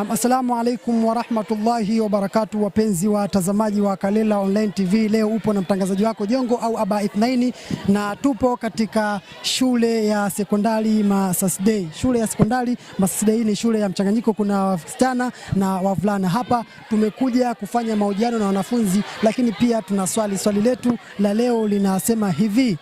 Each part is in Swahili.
Assalamu alaikum warahmatullahi wabarakatu, wapenzi watazamaji wa Kalela Online TV, leo upo na mtangazaji wako Jongo au Aba Ithnaini, na tupo katika shule ya sekondari Masasdei. Shule ya sekondari Masasdei ni shule ya mchanganyiko, kuna wasichana na wavulana. Hapa tumekuja kufanya mahojiano na wanafunzi, lakini pia tuna swali. Swali letu la leo linasema hivi,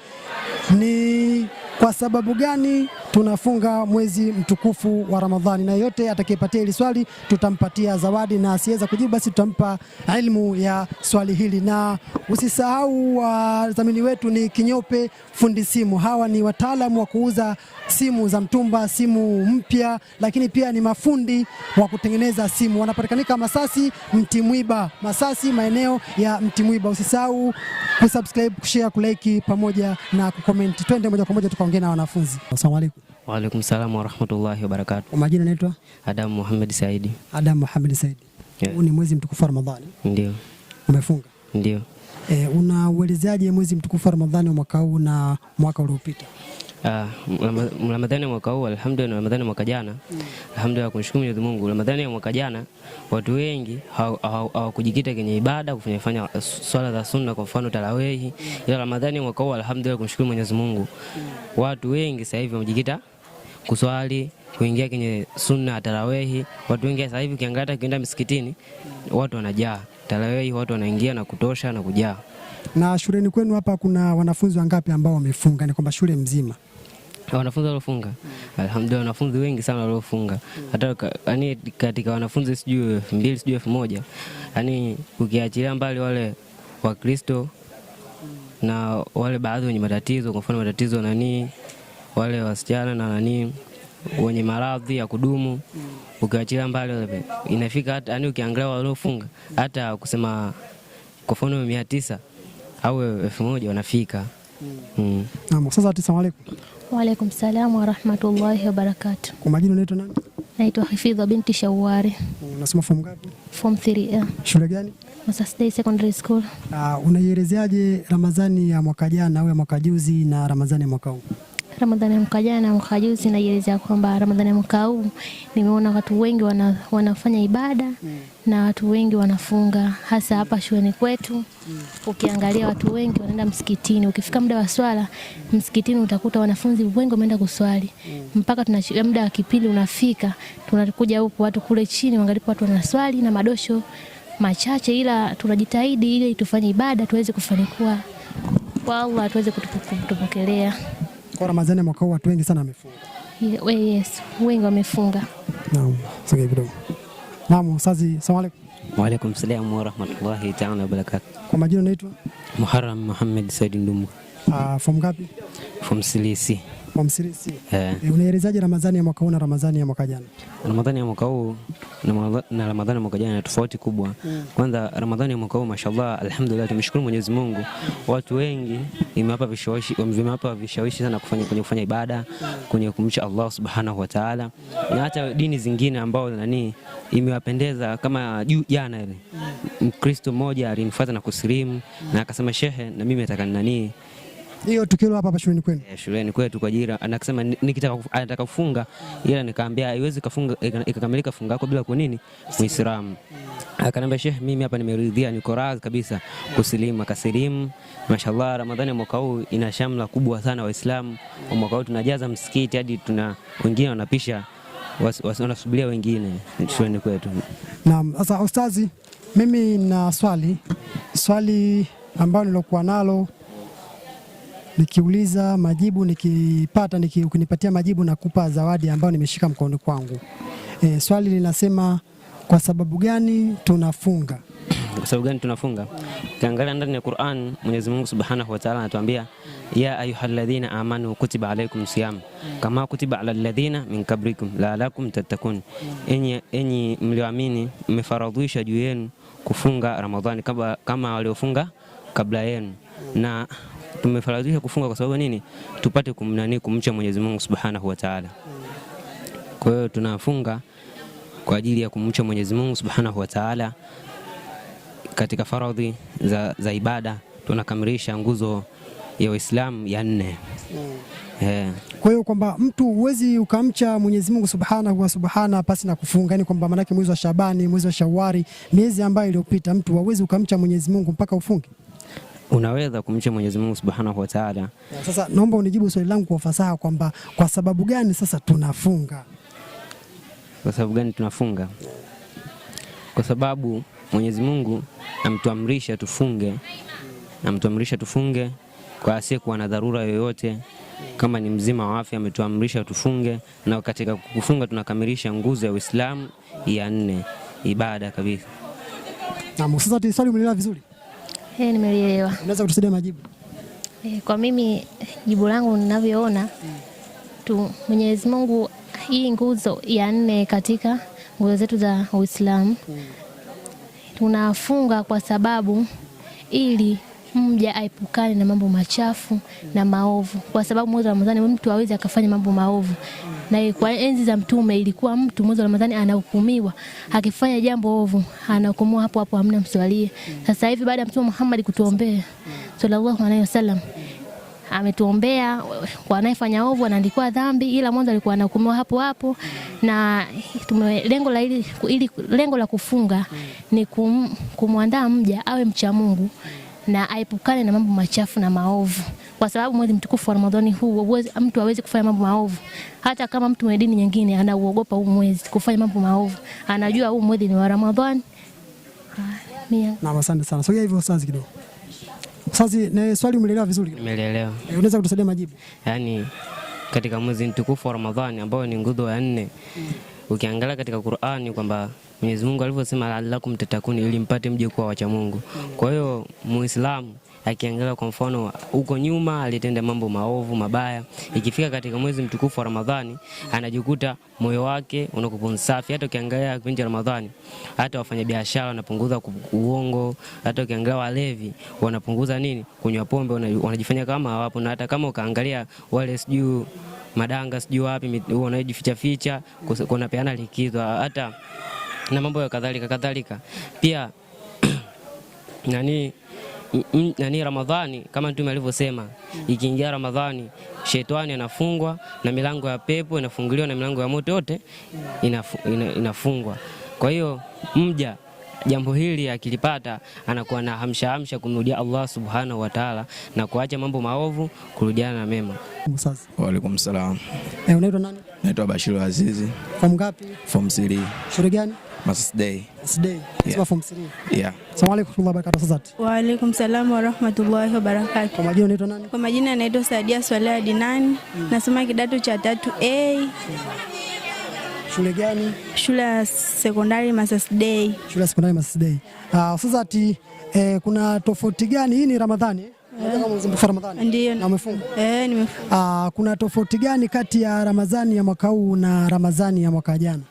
ni kwa sababu gani tunafunga mwezi mtukufu wa Ramadhani, na yote atakayepatia hili swali tutampatia zawadi, na asiweza kujibu basi tutampa elimu ya swali hili. Na usisahau wadhamini uh, wetu ni Kinyope Fundi Simu. Hawa ni wataalamu wa kuuza simu za mtumba, simu mpya, lakini pia ni mafundi wa kutengeneza simu. Wanapatikanika Masasi Mtimwiba, Masasi maeneo ya Mtimwiba. Usisahau kusubscribe, kushare, kulike pamoja na kukomenti. Twende moja kwa moja tukaongea na wanafunzi. Asalamu alaykum. Waalaikum salaam warahmatullahi wabarakatuh. Kwa majina naitwa Adam Muhammad Saidi. Adam Muhammad Saidi. Huu yeah. Ni mwezi mtukufu Ramadhani. Ndio. Umefunga? Ndio. E, unauelezaje mwezi mtukufu Ramadhani wa mwaka huu na mwaka uliopita? Ah, Ramadhani mwaka huu alhamdulillah, Ramadhani mwaka jana mm. Alhamdulillah, kumshukuru Mwenyezi Mungu. Ramadhani ya mwaka jana watu wengi hawakujikita haw, haw, kwenye ibada kufanya fanya swala za sunna, kwa mfano tarawehi, ila Ramadhani mwaka huu alhamdulillah, kumshukuru Mwenyezi Mungu Watu wengi sasa hivi wamejikita kuswali, kuingia kwenye sunna ya tarawehi. Watu wengi sasa hivi ukiangalia hata ukienda misikitini watu wanajaa tarawehi, watu wanaingia na kutosha na kujaa. Na shuleni kwenu hapa kuna wanafunzi wangapi ambao wamefunga? Ni kwamba shule mzima wanafunzi waliofunga? Alhamdulillah, wanafunzi wengi sana waliofunga, hata yani katika wanafunzi sijui elfu mbili sijui elfu moja yani ukiachilia mbali wale Wakristo na wale baadhi wenye matatizo, kwa mfano matatizo nanii wale wasichana na nani wenye maradhi ya kudumu, ukiachilia mbali inafika hata yani, ukiangalia waliofunga hata kusema kwa mfano mia tisa au elfu moja wanafika. Mm. sasa assalamu alaykum. Waalaikum alaykum salaam wa rahmatullahi wa barakatuh. Kwa majina unaitwa nani? Naitwa Hifidha binti Shawari. Unasoma form ngapi? Form 3A. Shule gani? Masas Day Secondary School. Ah, unaielezeaje Ramadhani ya mwaka jana au ya mwaka juzi na Ramadhani ya mwaka huu? Ramadhani ya mwaka jana na mwaka juzi, najielezea kwamba Ramadhani ya mwaka huu nimeona watu wengi wana, wanafanya ibada mm. na watu wengi wanafunga hasa hapa shuleni kwetu mm. Ukiangalia watu wengi wanaenda msikitini, ukifika muda wa swala msikitini utakuta wanafunzi wengi wameenda kuswali mm. mpaka tunachia muda wa kipindi unafika, tunakuja huku watu kule chini wangalipo watu wanaswali na madosho machache, ila tunajitahidi ili tufanye ibada tuweze kufanikiwa kwa Allah tuweze kutupokelea. kutupu, kwa Ramadhani mwaka huu watu wengi sana wamefunga. Yes, wengi wamefunga. Naam, sasa kidogo. Naam, sazi, salamu alaykum. Wa alaykum salaam wa rahmatullahi ta'ala wa barakatuh. Kwa majina naitwa Muharram Muhammad Said Ndumbu. Ah, uh, from ngapi? From Silisi wa Msirisi yeah. E, eh, unaelezaje Ramadhani ya mwaka huu na Ramadhani ya mwaka jana? Ramadhani ya mwaka huu na Ramadhani ya mwaka jana ni tofauti kubwa mm. Kwanza Ramadhani ya mwaka huu mashallah, alhamdulillah, tumshukuru Mwenyezi Mungu Watu wengi imewapa vishawishi, imewapa vishawishi sana kufanya, kwenye kufanya ibada mm. kwenye kumcha Allah subhanahu wa ta'ala na hata dini zingine ambao nani imewapendeza kama juu jana ile mm. Mkristo mmoja alinifuata na kusilimu na akasema shehe, na mimi nataka nani hiyo tukio hapa hapa shuleni kwenu? Eh, shuleni kwetu kwa jira. anasema nikitaka anataka kufunga ila nikaambia haiwezi kufunga ikakamilika funga yako bila kunini Muislamu. Akaniambia Sheikh, mimi hapa nimeridhia niko radhi kabisa kusilimu. Akasilimu. Mashallah, Ramadhani ya mwaka huu ina shamla kubwa sana Waislamu. Mwaka huu tunajaza msikiti hadi tuna wengine wanapisha wanasubiria wengine shuleni kwetu. Naam, sasa ustazi, mimi na swali swali ambalo nilokuwa nalo nikiuliza majibu, nikipata niki, ukinipatia majibu nakupa zawadi ambayo nimeshika mkononi kwangu. E, swali linasema kwa sababu gani tunafunga? Kwa sababu gani tunafunga? Ukiangalia ndani ya Qur'an, Mwenyezi Mungu Subhanahu wa Ta'ala anatuambia ya ayyuhalladhina amanu kutiba alaykum siyam kama kutiba ala ladhina min qablikum la'allakum tattaqun, enyi enyi mlioamini, mmefaradhisha juu yenu kufunga Ramadhani kama waliofunga kabla yenu na tumefaradhisha kufunga kwa sababu nini? Tupate kumnani, kumcha Mwenyezi Mungu Subhanahu wa Ta'ala. Kwa hiyo tunafunga kwa ajili ya kumcha Mwenyezi Mungu Subhanahu wa Ta'ala katika faradhi za, za ibada tunakamilisha nguzo ya Uislamu ya nne. Yeah. Mm. Kwa hiyo kwamba mtu huwezi ukamcha Mwenyezi Mungu Subhanahu wa Subhana pasi na kufunga, yani kwamba maanake mwezi wa Shabani, mwezi wa Shawari, miezi ambayo iliyopita mtu hawezi ukamcha Mwenyezi Mungu mpaka ufunge unaweza kumcha Mwenyezi Mungu Subhanahu wa Ta'ala. Sasa naomba unijibu swali langu kwa ufasaha kwamba kwa sababu gani sasa tunafunga? Kwa sababu gani tunafunga? Kwa sababu Mwenyezi Mungu amtuamrisha tufunge, amtuamrisha tufunge kwa asiyekuwa na dharura yoyote kama ni mzima wa afya ametuamrisha tufunge, na katika kufunga tunakamilisha nguzo ya Uislamu ya nne, ibada kabisa. Na sasa swali umeelewa vizuri? Eh, nimelielewa. Unaweza kutusaidia majibu? Eh, kwa mimi jibu langu ninavyoona tu Mwenyezi Mungu hii nguzo ya nne katika nguzo zetu za Uislamu tunafunga kwa sababu ili mja aepukane na mambo machafu na maovu, kwa sababu mwezi wa Ramadhani mtu awezi akafanya mambo maovu na kwa enzi za Mtume ilikuwa mtu mwezi wa Ramadhani anahukumiwa, akifanya jambo ovu anahukumiwa hapo hapo, hamna mswalie. Sasa hivi baada ya Mtume Muhammad kutuombea sallallahu alaihi wasallam ametuombea kwa anayefanya ovu anaandikwa dhambi, ila mwanzo alikuwa anahukumiwa hapo hapo. Na lengo la ili, ili, lengo la kufunga ni kum, kumwandaa mja awe mcha Mungu na aepukane na mambo machafu na maovu kwa sababu mwezi mtukufu wa Ramadhani huu mtu hawezi kufanya mambo maovu. Hata kama mtu wa dini nyingine anauogopa huu mwezi kufanya mambo maovu, anajua huu mwezi ni wa Ramadhani. Na asante sana. Sogea hivyo sasa kidogo. Sasa na swali umeelewa vizuri? Nimeelewa. Eh, unaweza kutusaidia majibu? Yaani katika mwezi mtukufu wa Ramadhani ambao ni nguzo ya nne, ukiangalia katika Qur'ani kwamba Mwenyezi Mungu alivyosema la'allakum tatakuni, ili mpate mje kuwa wacha Mungu. Kwa hiyo Muislamu akiangalia kwa mfano huko nyuma alitenda mambo maovu mabaya, ikifika katika mwezi mtukufu wa Ramadhani anajikuta moyo wake unakuwa msafi. Hata ukiangalia kipindi cha Ramadhani, hata wafanyabiashara wanapunguza uongo, hata ukiangalia walevi wanapunguza nini, kunywa pombe, wanajifanya kama hawapo. Na hata kama ukaangalia wale sijui madanga sijui wapi wanajificha ficha, kuna peana likizo hata na mambo ya kadhalika kadhalika pia nani nani Ramadhani kama Mtume alivyosema, ikiingia Ramadhani shetani anafungwa na milango ya pepo inafunguliwa na milango ya moto yote inafungwa. Kwa hiyo mja jambo hili akilipata anakuwa na hamsha hamsha kumrudia Allah subhanahu wa taala na kuacha mambo maovu kurudiana na mema. Waalaikum salaam. Eh, unaitwa nani? Naitwa Bashiru Azizi. Form ngapi? Form 3. Shule gani? Masas Day. Yeah. Yeah. Asalamu alaykum wa barakatuh Wa alaykum salam wa rahmatullahi wa barakatuh. Kwa majina unaitwa nani? Kwa majina naitwa Sadia Swalea Dinani. Mm. Nasoma kidato cha 3A. Shule gani? Shule ya sekondari Masas Day. Shule ya sekondari Masas Day. Ah, uh, ati eh, kuna tofauti gani? Hii ni Ramadhani. Eh. Eh, ah, kuna tofauti gani kati ya Ramadhani ya mwaka huu na Ramadhani ya mwaka jana?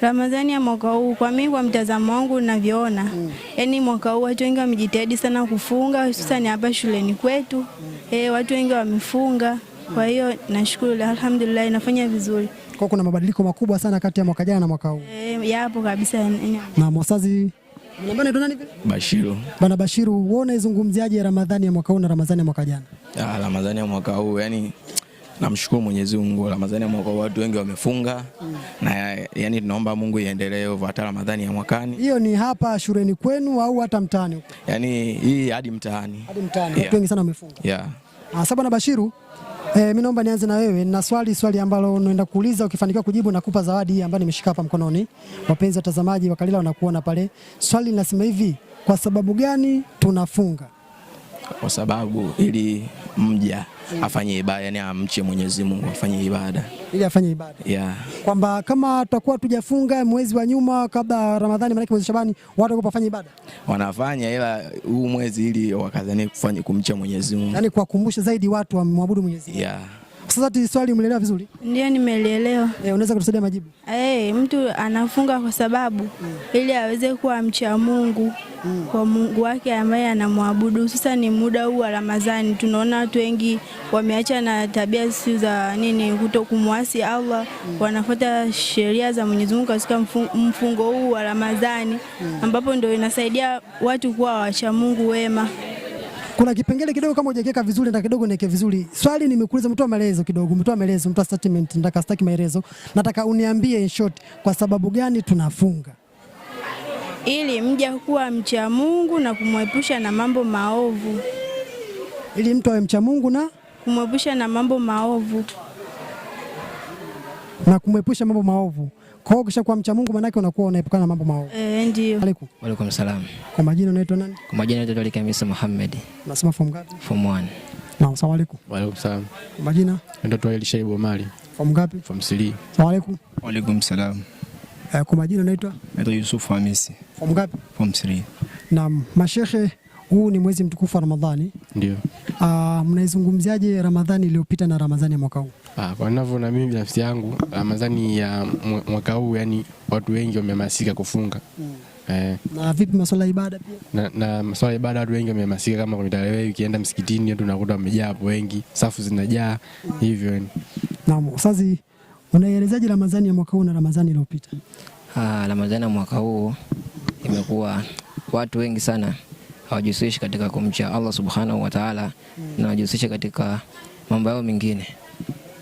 Ramadhani ya mwaka huu kwa mimi, kwa mtazamo wangu ninavyoona, mm. yani mwaka huu watu wengi wamejitahidi sana kufunga hususani hapa shuleni kwetu mm. E, watu wengi wamefunga, kwa mm. hiyo nashukuru, alhamdulillah inafanya vizuri. Kwa kuna mabadiliko makubwa sana kati ya mwaka jana na mwaka huu e, yapo kabisa. Na mwasazi Bashiru bana, Bashiru, wewe unaizungumziaje Ramadhani ya mwaka huu na Ramadhani ya mwaka jana? Ah, Ramadhani ya mwaka huu yani Namshukuru Mwenyezi Mungu, Ramadhani ya mwaka watu wengi wamefunga mm. na yani tunaomba Mungu iendelee hivyo hata Ramadhani ya mwakani. Hiyo ni hapa shuleni kwenu au hata mtaani huko? Yani hii hadi mtaani. Hadi mtaani. Watu yeah. wengi sana wamefunga. Yeah. Ah, na Bashiru eh, mimi naomba nianze na wewe na swali swali ambalo unaenda kuuliza, ukifanikiwa kujibu nakupa zawadi hii ambayo nimeshika hapa mkononi. Wapenzi watazamaji wa Kalila wanakuona pale. Swali linasema hivi, kwa sababu gani tunafunga? kwa sababu ili mja afanye ibada, yani amche Mwenyezi Mungu afanye ibada ili afanye ibada yeah. Kwamba kama tutakuwa tujafunga mwezi wa nyuma kabla Ramadhani, maana mwezi Shabani watu wafanye ibada wanafanya, ila huu mwezi ili wakazani kufanya kumcha Mwenyezi Mungu, yani kuwakumbusha zaidi watu wamwabudu Mwenyezi Mungu yeah. Sasa swali umeelewa vizuri? Ndio, nimeelewa. Eh, unaweza kutusaidia majibu? Eh, mtu anafunga kwa sababu mm. ili aweze kuwa mcha Mungu mm. kwa Mungu wake ambaye anamwabudu. Sasa ni muda huu wa Ramadhani, tunaona watu wengi wameacha na tabia si za nini, kuto kumwasi Allah mm. wanafuata sheria za Mwenyezi Mungu katika mfungo huu wa Ramadhani mm. ambapo ndio inasaidia watu kuwa wacha Mungu wema kuna kipengele kidogo kama hujakiweka vizuri na kidogo niweke vizuri. Swali nimekuuliza, umetoa maelezo kidogo, umetoa maelezo, umetoa statement, nataka staki maelezo, nataka uniambie in short, kwa sababu gani tunafunga ili mja kuwa mcha Mungu na kumwepusha na mambo maovu, ili mtu awe mcha Mungu na kumwepusha na mambo maovu na kumwepusha mambo maovu. Kwa kisha kwa mcha Mungu maana unakuwa unaepukana na mambo maovu. Eh, ndio. Alaikum. Wa alaikum salaam. Kwa majina unaitwa nani? Kwa majina naitwa Ali Kamisa Muhammad. Unasoma form ngapi? Form 1. Na asalamu alaykum. Wa alaikum salaam. Kwa majina? Naitwa Elishaibu Omari. Form ngapi? Form 3. Asalamu alaykum. Wa alaikum salaam. Eh, kwa majina unaitwa? Naitwa Yusuf Hamisi. Form ngapi? Form 3. Naam, mashehe huu ni mwezi mtukufu wa Ramadhani. Ndio. Ah, mnaizungumziaje Ramadhani iliyopita na Ramadhani ya mwaka huu? Ah, kwa na mimi binafsi yangu Ramadhani ah, ya mwaka huu yani watu wengi wamehamasika kufunga. Mm. Eh. Na vipi masuala ya ibada pia? Na, na masuala ya ibada watu wengi wamehamasika kama kwenye tarehe ukienda msikitini watu unakuta wamejaa hapo wengi, safu zinajaa mm. hivyo yani. Naam, sasa unaelezaje Ramadhani ya mwaka huu na Ramadhani iliyopita? Ah, Ramadhani ya mwaka huu imekuwa watu wengi sana hawajihusishi katika kumcha Allah Subhanahu wa Ta'ala mm. na hawajihusishi katika mambo yao mengine.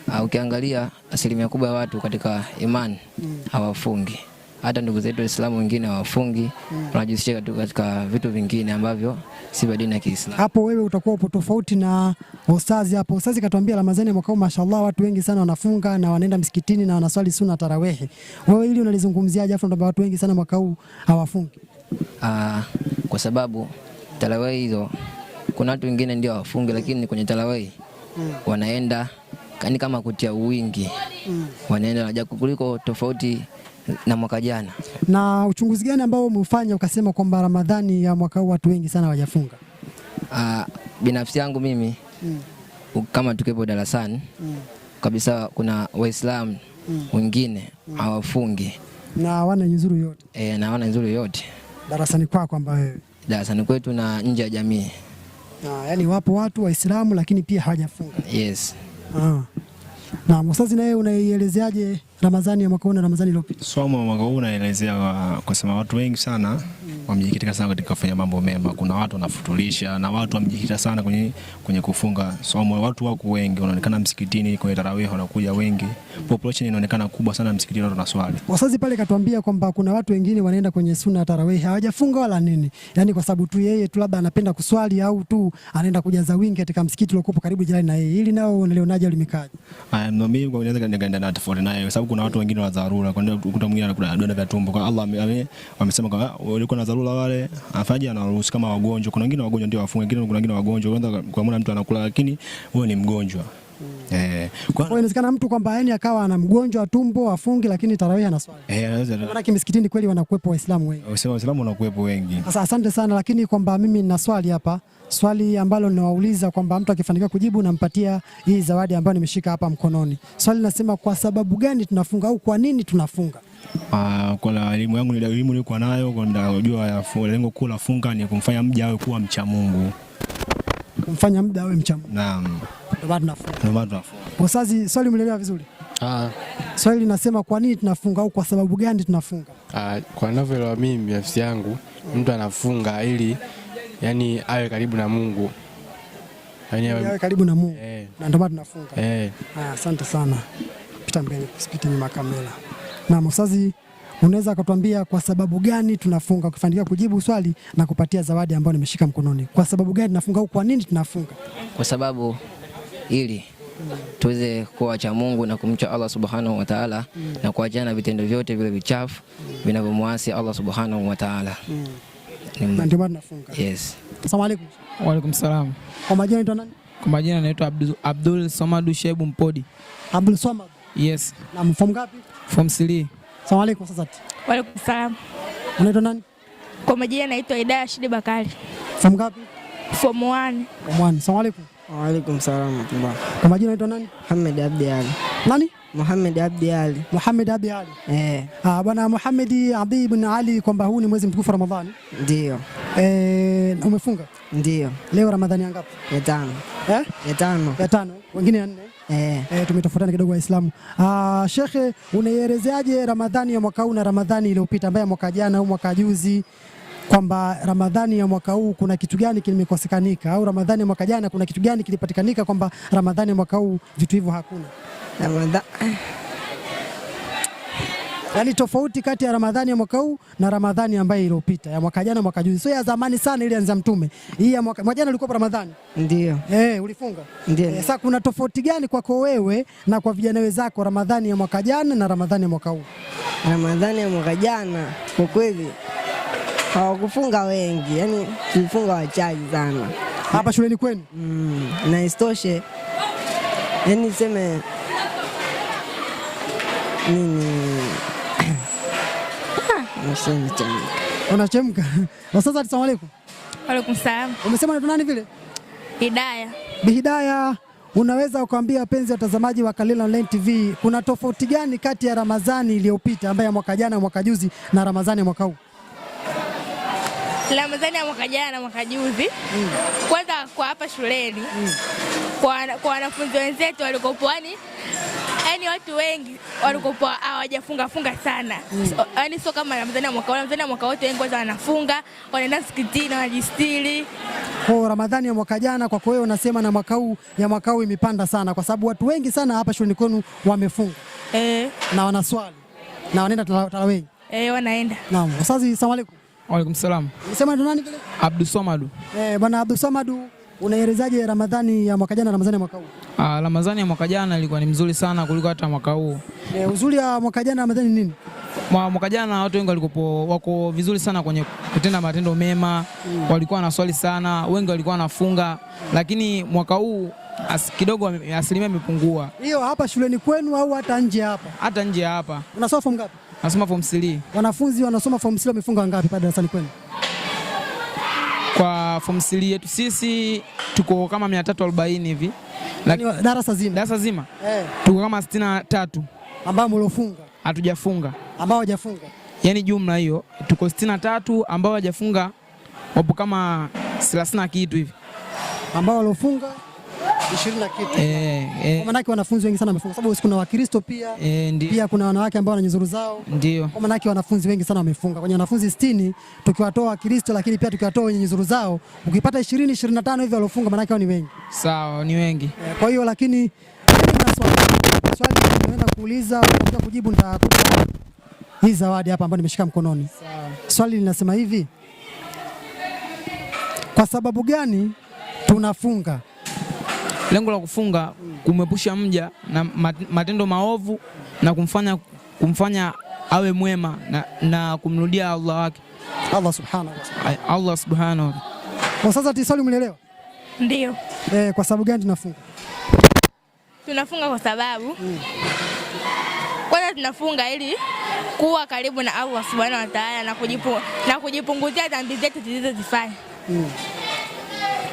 Uh, ukiangalia asilimia kubwa ya watu katika imani mm. hawafungi hata ndugu zetu Waislamu wengine hawafungi, wanajihusisha mm. katika vitu vingine ambavyo si vya dini ya Kiislamu. Hapo wewe utakuwa upo tofauti na ustazi hapo. Ustazi katuambia Ramadhani mwaka huu mashallah, watu wengi sana wanafunga na wanaenda msikitini na wanaswali suna tarawehi. Wewe hili unalizungumziaje? Afu ndio watu wengi sana mwaka huu hawafungi. Uh, kwa sababu tarawehi hizo kuna watu wengine ndio hawafungi, lakini kwenye tarawehi mm. wanaenda yani kama kutia uwingi mm. wanaenda na kuliko tofauti na mwaka jana. Na uchunguzi gani ambao umeufanya ukasema kwamba Ramadhani ya mwaka huu watu wengi sana hawajafunga? Uh, binafsi yangu mimi mm. kama tukiwepo darasani mm. kabisa kuna Waislamu mm. wengine mm. hawafungi mm. na hawana nzuri yote e, na hawana nzuri yote darasani kwako ambayo darasani kwetu na nje ya jamii. Ah, yani wapo watu Waislamu lakini pia hawajafunga. Yes. Ah. Na mwasazi naye unaielezeaje Ramadhani ya mwaka huu na Ramadhani iliyopita? Somo mwaka huu naelezea kwa kusema watu wengi sana wamejikita sana katika kufanya mambo mema. Kuna watu wanafutulisha na watu wamejikita sana kwenye, kwenye kufunga somo. Watu wako wengi, wanaonekana msikitini kwenye tarawih, wanakuja wengi, population inaonekana kubwa sana msikitini, watu wanaswali. Wasazi pale katuambia kwamba kuna watu wengine wanaenda kwenye suna ya tarawih hawajafunga wala nini, yani kwa sababu tu yeye tu labda anapenda kuswali au tu anaenda kujaza wingi katika msikiti uliokuwa karibu jirani na yeye. ili nao nalionaje limekaje? Mimi kwa naweza nikaenda na tofauti naye, sababu kuna watu wengine wa dharura, kwa kuna ukuta mwingine anakula donda vya tumbo kwa Allah amesema kwamba walikuwa na dharura wale afaje anaruhusu kama wagonjwa. Kuna wengine wagonjwa ndio wafunge, wengine kuna wengine wagonjwa, kwanza kwa maana mtu anakula, lakini wewe ni mgonjwa Mm. Eh, kwa inawezekana mtu kwamba yani akawa ana mgonjwa tumbo afungi, lakini tarawih swali. Eh, maana kweli wanakuepo Waislamu wengi. Waislamu wanakuepo wengi. Sasa asante sana, lakini kwamba mimi nina swali hapa swali ambalo ninawauliza kwamba mtu akifanikiwa kujibu nampatia hii zawadi ambayo nimeshika hapa mkononi. Swali linasema kwa sababu gani tunafunga au kwa nini tunafunga? Uh, kwa elimu yangu elimu nilikuwa nayo najua lengo kuu la funga ni kumfanya mja awe kuwa mcha Mungu, kumfanya mja awe mcha Mungu. Naam, ndio bado tunafunga, ndio bado tunafunga. Sasa swali umeelewa vizuri? Ah, swali linasema kwa nini tunafunga au kwa sababu gani tunafunga? Ah, kwa ninavyoelewa mimi binafsi yangu, mtu anafunga ili yani awe karibu na Mungu yani awe karibu na Mungu eh. Na ndio maana tunafunga eh. Haya, asante sana, pita mbele, usipite nyuma kamera. Na msazi unaweza ukatuambia kwa sababu gani tunafunga? Ukifanikiwa kujibu swali na kupatia zawadi ambayo nimeshika mkononi, kwa sababu gani tunafunga au kwa nini tunafunga? Kwa sababu ili mm. tuweze kuwa wacha Mungu na kumcha Allah subhanahu wa taala mm. na kuachana vitendo vyote vile vichafu mm. vinavyomwasi Allah subhanahu wa taala mm na ndio maana nafunga. Yes. Asalamu alaykum. Wa alaykum salam. Kwa majina naitwa nani? Kwa majina naitwa Abdul, Abdul Somadu Shebu Mpodi. Abdul Somad. Yes. Na form ngapi? Form 3. Asalamu alaykum sasa. Wa alaykum salam. Unaitwa nani? Kwa majina naitwa Idaya Ashidi Bakari. Form ngapi? Form 1. Form 1. Asalamu alaykum. Wa alaykum salam. Kwa majina naitwa nani? Mohamed Abdi Ali. Nani? Muhammad Abdi Ali. Muhammad Abdi Ali. Eh. Ah, bwana Muhammad Abdi ibn Ali kwamba huu ni mwezi mtukufu Ramadhani. Ndio. Eh, umefunga? Ndio. Leo Ramadhani ya ngapi? Ya tano. Eh? Ya tano. Ya tano. Wengine ya nne. Eh. Eh, tumetofautiana kidogo Waislamu. Ah, shekhe, unaielezeaje Ramadhani ya mwaka huu na Ramadhani iliyopita ambayo mwaka jana au mwaka juzi kwamba Ramadhani ya mwaka huu kuna kitu gani kimekosekanika au Ramadhani ya mwaka jana kuna kitu gani kilipatikanika kwamba Ramadhani ya mwaka huu vitu hivyo hakuna? Ramadhani. Yaani tofauti kati ya Ramadhani ya mwaka huu na Ramadhani ambayo iliyopita ya mwaka jana mwaka juzi. Sio ya zamani sana ile anza mtume. Hii ya mwaka jana ilikuwa Ramadhani. Ndio. Eh, ulifunga? Ndio. Eh, sasa kuna tofauti gani kwako wewe na kwa vijana wenzako Ramadhani ya mwaka jana na Ramadhani ya mwaka huu? Ramadhani ya mwaka jana kwa kweli hawakufunga wengi, yaani tulifunga wachaji sana hapa shuleni kwenu. Mm, na istoshe. yaani sema nini ah, unachemka sasa. Asalamu alaykum. Alaykum salaam. Umesema unaitwa nani vile? Hidaya. Bi Hidaya, unaweza ukaambia wapenzi watazamaji wa Kalila Online TV kuna tofauti gani kati ya Ramadhani iliyopita ambayo ya mwaka jana mwaka juzi na Ramadhani ya mwaka huu? Ramadhani ya mwaka jana mwaka juzi mm. Kwanza kwa hapa shuleni mm. Kwa wanafunzi wenzetu walikopoani yani watu wengi walikopo hawajafunga funga sana mm. yani sio kama Ramadhani mwaka Ramadhani mwaka wote wengi kwanza wanafunga wanaenda msikitini wanajistiri. Kwa Ramadhani ya mwaka jana kwa kweli unasema na mwaka huu ya mwaka huu imepanda sana, kwa sababu watu wengi sana hapa shuleni kwenu wamefunga eh, na wanaswali na wanaenda tarawehi eh, wanaenda naam. wasazi asalamu alaykum. Wa alaykum salaam. Unasema ndo nani kile? Abdussamadu. Eh, bwana Abdussamadu Unaelezaje Ramadhani ya mwaka jana na Ramadhani ya mwaka huu? Ah, Ramadhani ya mwaka jana ilikuwa ni mzuri sana kuliko hata mwaka huu. Eh, uzuri wa mwaka jana na Ramadhani nini? Mwaka jana watu wengi walikuwa wako vizuri sana kwenye kutenda matendo mema mm. Walikuwa wanaswali sana, wengi walikuwa wanafunga, lakini mwaka huu as, kidogo asilimia imepungua. Hiyo hapa shuleni kwenu au hata nje hapa? Hata nje hapa. Unasoma form ngapi? Nasoma form 3. Wanafunzi wanasoma form 3 wamefunga ngapi pale darasani kwenu? kwa form 3 yetu sisi tuko kama 340 hivi yaani darasa zima, darasa zima eh, tuko kama 63 ambao mliofunga hatujafunga, ambao hawajafunga yani jumla hiyo tuko 63 ambao hawajafunga wapo kama 30 na kitu hivi ambao waliofunga ishirini na kitu eh, eh. Kwa maanake wanafunzi wengi sana wamefunga, sababu kuna Wakristo pia eh, pia kuna wanawake ambao wana nyuzuru zao. Ndio kwa maanake wanafunzi wengi sana wamefunga. Kwenye wanafunzi sitini tukiwatoa Wakristo, lakini pia tukiwatoa wenye nyuzuru zao, ukipata ishirini ishirini na tano hivi waliofunga, maanake hao ni wengi. Sawa, ni wengi eh, kwa hiyo lakini swali swali kuuliza na kujibu, nitakupa hii zawadi hapa ambayo nimeshika mkononi. Swali linasema hivi, kwa sababu gani tunafunga? Lengo la kufunga kumwepusha mja na matendo maovu na kumfanya, kumfanya awe mwema na, na kumrudia Allah wake Allah subhanahu Allah subhanahu wa kwa sasa. Tisali, umeelewa? Ndio. Eh, kwa sababu gani tunafunga? Tunafunga kwa sababu mm. Kwanza tunafunga ili kuwa karibu na Allah subhanahu wa taala na kujipunguzia dhambi zetu zilizozifanya mm.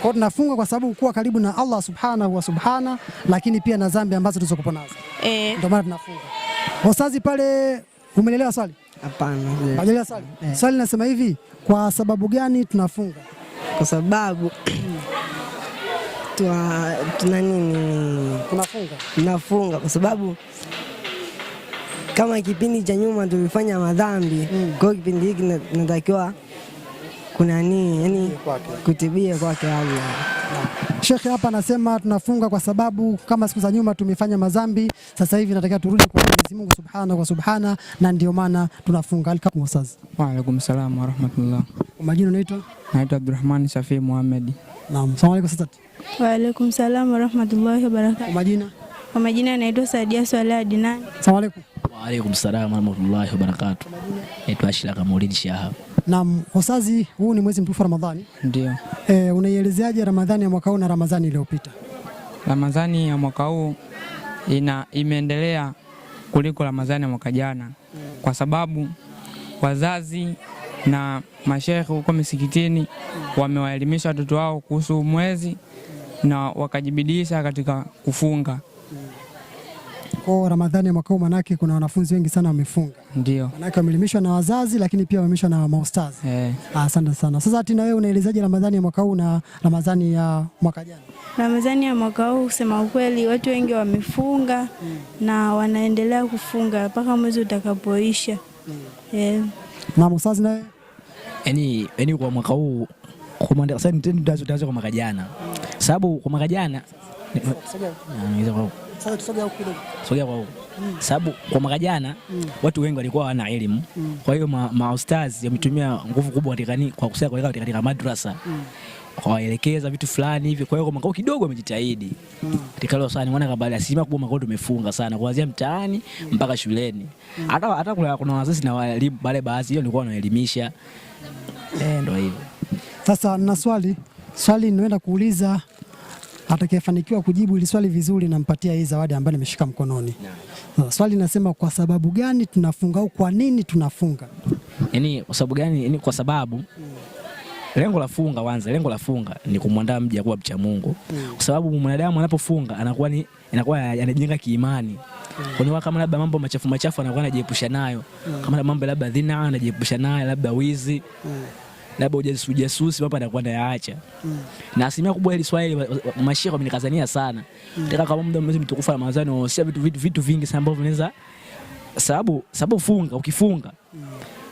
Kwa hiyo tunafunga kwa sababu kuwa karibu na Allah subhanahu wa subhana, lakini pia na dhambi ambazo tulizokuwa nazo eh, ndio maana tunafunga. Osazi pale, umeelewa swali? Hapana, umeelewa swali? Eh, swali nasema hivi, kwa sababu gani tunafunga? Kwa sababu tuna nini, tunafunga tunafunga kwa sababu kama kipindi cha nyuma tulifanya madhambi mm. Kwa hiyo kipindi hiki natakiwa kuna kunani yani kutibia kwake Allah. Shekhe hapa anasema tunafunga kwa sababu kama siku za nyuma tumefanya madhambi, sasa hivi natakiwa turudi kwa Mwenyezi Mungu subhana kwa subhana, na ndio maana tunafunga. Wa alaikum salam wa rahmatullah. Majina unaitwa? Naitwa Abdurrahman Shafi Muhammad. Naam. Asalamu alaykum sasa. Wa alaikum salam wa rahmatullahi wa barakatuh. Majina? Kwa majina naitwa Sadia Swala Adinani. Asalamu alaikum. Wa alaikum salam wa rahmatullahi wa barakatuh. Naitwa Ashira Kamulid Shahab. Na Hosazi, huu ni mwezi mtukufu Ramadhani. Ndio. E, unaielezeaje Ramadhani ya mwaka huu na Ramadhani iliyopita? Ramadhani ya mwaka huu ina imeendelea kuliko Ramadhani ya mwaka jana, kwa sababu wazazi na mashehe huko misikitini wamewaelimisha watoto wao kuhusu mwezi na wakajibidisha katika kufunga kwa Ramadhani ya mwaka huu, manake kuna wanafunzi wengi sana wamefunga, ndio manake wamelimishwa na wazazi, lakini pia wamelimishwa na maustazi. Eh. Asante sana. Sasa na wewe unaelezaje Ramadhani ya mwaka huu na Ramadhani ya mwaka jana? Ramadhani ya mwaka huu kusema ukweli, watu wengi wamefunga mm. na wanaendelea kufunga mpaka mwezi utakapoisha mm. Eh. na maustaz nawe Yaani, yaani kwa mwaka huu kwa mwaka jana mm. sababu kwa mwaka jana sogea kwa huko mm. Sababu kwa mwaka jana mm. watu wengi walikuwa wana elimu mm. kwa hiyo maustaz ma yametumia nguvu kubwa katika kwa kwa kusema katika madrasa mm. kwa kawaelekeza vitu fulani hivi. Kwa hiyo kwa mwaka kidogo amejitahidi mm. katika leo sana, mwana kabla asilimia kubwa mwaka tumefunga sana kuanzia mtaani mm. mpaka shuleni mm. hata mm. hata kuna, kuna wazazi na walimu wale baadhi hiyo nilikuwa naelimisha eh, ndio hivyo. Sasa na swali swali ninaenda kuuliza Atakayefanikiwa kujibu hili swali vizuri, nampatia hii zawadi ambayo nimeshika mkononi. So, swali nasema kwa sababu gani tunafunga au kwa nini tunafunga? Yaani kwa sababu gani? Yaani kwa sababu mm. Lengo la funga wanza, lengo la funga ni kumwandaa mja kuwa mcha Mungu mm. Kwa sababu mwanadamu anapofunga anakuwa ni inakuwa anajenga kiimani mm. Kama labda mambo machafu machafu anakuwa anajiepusha nayo mm. Kama mambo labda dhina anajiepusha nayo, labda wizi mm labda ujasusi ujasusi mambo anakuwa anayaacha mm. na asilimia kubwa ile Swahili mashehe wamenikazania sana mm. taka kama muda mwezi mtukufu Ramadhani waosia oh, vitu vitu vitu vingi sana ambavyo vinaweza sababu sababu funga ukifunga mm.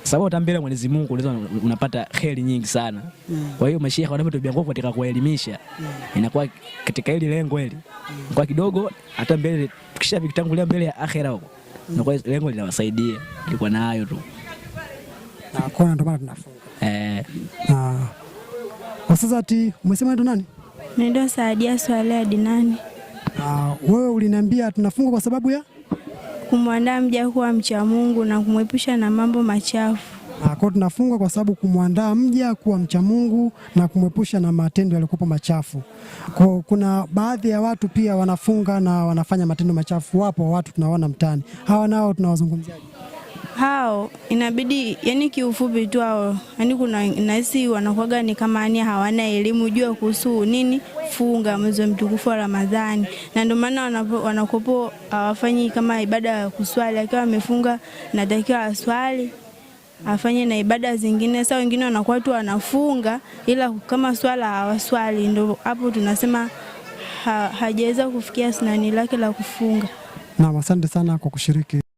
sababu utambele Mwenyezi Mungu unaweza unapata heri nyingi sana mm. kwa hiyo mashehe wanapotubia kwa katika kuelimisha mm. inakuwa katika ile lengo hili mm. kwa kidogo hata mbele tukisha tukishavitangulia mbele ya akhera huko mm. na kwa lengo linawasaidia ilikuwa nayo tu na kwa ndo maana tunafunga kwa ah. sasa ati umesema ndo nani? Naitwa Saadia swale Adinani. Ah, wewe uliniambia tunafunga kwa sababu ya kumwandaa mja kuwa mcha Mungu na kumwepusha na mambo machafu. Ah, kwa tunafunga kwa sababu kumwandaa mja kuwa mcha Mungu na kumwepusha na matendo yaliokuwa machafu. Kwa kuna baadhi ya watu pia wanafunga na wanafanya matendo machafu, wapo watu tunaona mtaani. Hawa nao tunawazungumzia hao inabidi yani, kiufupi tu hao yani, kuna nahisi wanakuwaga ni kama yani hawana elimu jua kuhusu nini funga mwezi mtukufu wa Ramadhani, na ndio maana wanakopo hawafanyi kama ibada ya kuswali. Akiwa amefunga natakiwa aswali afanye na ibada zingine. Sasa wengine wanakuwa tu wanafunga, ila kama swala hawaswali, ndio hapo tunasema ha, hajaweza kufikia sunani lake la kufunga. Naam, asante sana kwa kushiriki.